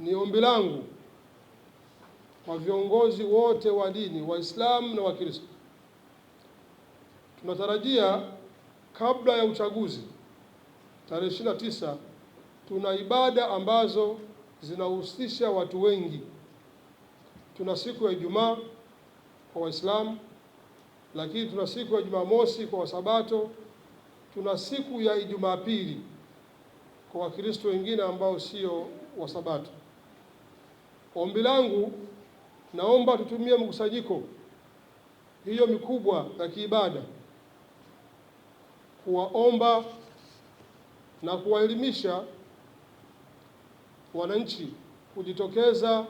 Ni ombi langu kwa viongozi wote wa dini, Waislamu na Wakristo, tunatarajia kabla ya uchaguzi tarehe ishirini na tisa tuna ibada ambazo zinahusisha watu wengi. Tuna siku ya Ijumaa kwa Waislamu, lakini tuna siku ya Jumamosi kwa Wasabato, tuna siku ya pili kwa Wakristo wengine ambao sio Wasabato. Ombi langu naomba tutumie mkusanyiko hiyo mikubwa ya kiibada kuwaomba na kuwaelimisha wananchi kujitokeza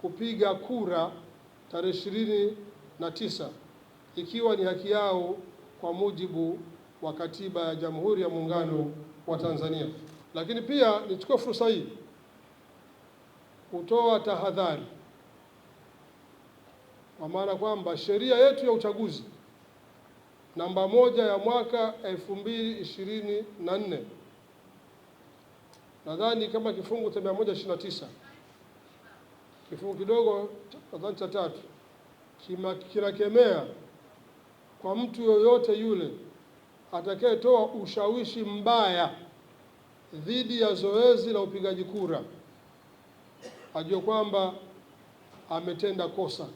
kupiga kura tarehe ishirini na tisa ikiwa ni haki yao kwa mujibu wa Katiba ya Jamhuri ya Muungano wa Tanzania. Lakini pia nichukue fursa hii kutoa tahadhari, kwa maana kwamba sheria yetu ya uchaguzi namba moja ya mwaka 2024 nadhani kama kifungu cha 129 kifungu kidogo nadhani cha tatu kinakemea kwa mtu yoyote yule atakayetoa ushawishi mbaya dhidi ya zoezi la upigaji kura ajue kwamba ametenda kosa.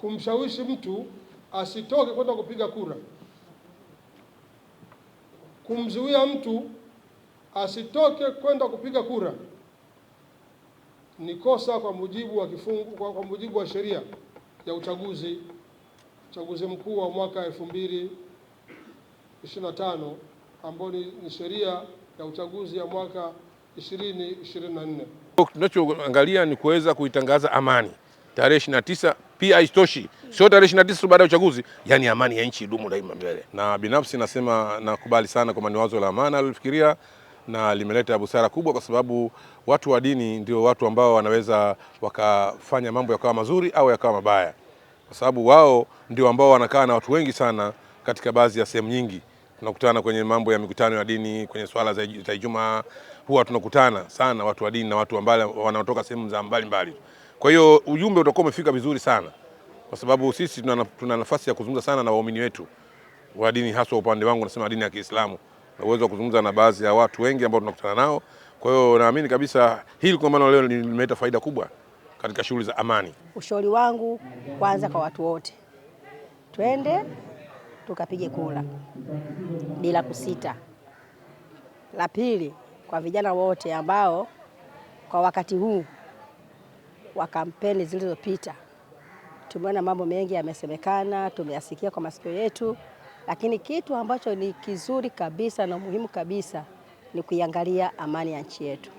Kumshawishi mtu asitoke kwenda kupiga kura, kumzuia mtu asitoke kwenda kupiga kura ni kosa kwa mujibu wa kifungu, kwa mujibu wa sheria ya uchaguzi, uchaguzi mkuu wa mwaka 2025 ambayo ni sheria ya uchaguzi ya mwaka 2024. Kwa tunachoangalia ni kuweza kuitangaza amani tarehe 29 pia haitoshi, sio tarehe 29 tu baada ya uchaguzi, yani amani ya nchi idumu daima mbele. Na binafsi nasema nakubali sana kwa ni wazo la amani alifikiria na limeleta busara kubwa, kwa sababu watu wa dini ndio watu ambao wanaweza wakafanya mambo yakawa mazuri au yakawa mabaya, kwa sababu wao ndio ambao wanakaa na watu wengi sana katika baadhi ya sehemu nyingi tunakutana kwenye mambo ya mikutano ya dini, kwenye swala za Ijumaa huwa tunakutana sana watu wa dini na watu ambao wanaotoka sehemu za mbali. Kwa hiyo ujumbe utakuwa umefika vizuri sana, kwa sababu sisi tuna nafasi ya kuzungumza sana na waumini wetu wa dini, haswa upande wangu nasema dini ya Kiislamu na uwezo wa kuzungumza na baadhi ya watu wengi ambao tunakutana nao. Kwa hiyo naamini kabisa hili maana leo limeleta faida kubwa katika shughuli za amani. Ushauri wangu kwanza kwa watu wote, twende tukapige kura bila kusita. La pili, kwa vijana wote ambao kwa wakati huu wa kampeni zilizopita tumeona mambo mengi yamesemekana, tumeyasikia kwa masikio yetu, lakini kitu ambacho ni kizuri kabisa na muhimu kabisa ni kuiangalia amani ya nchi yetu.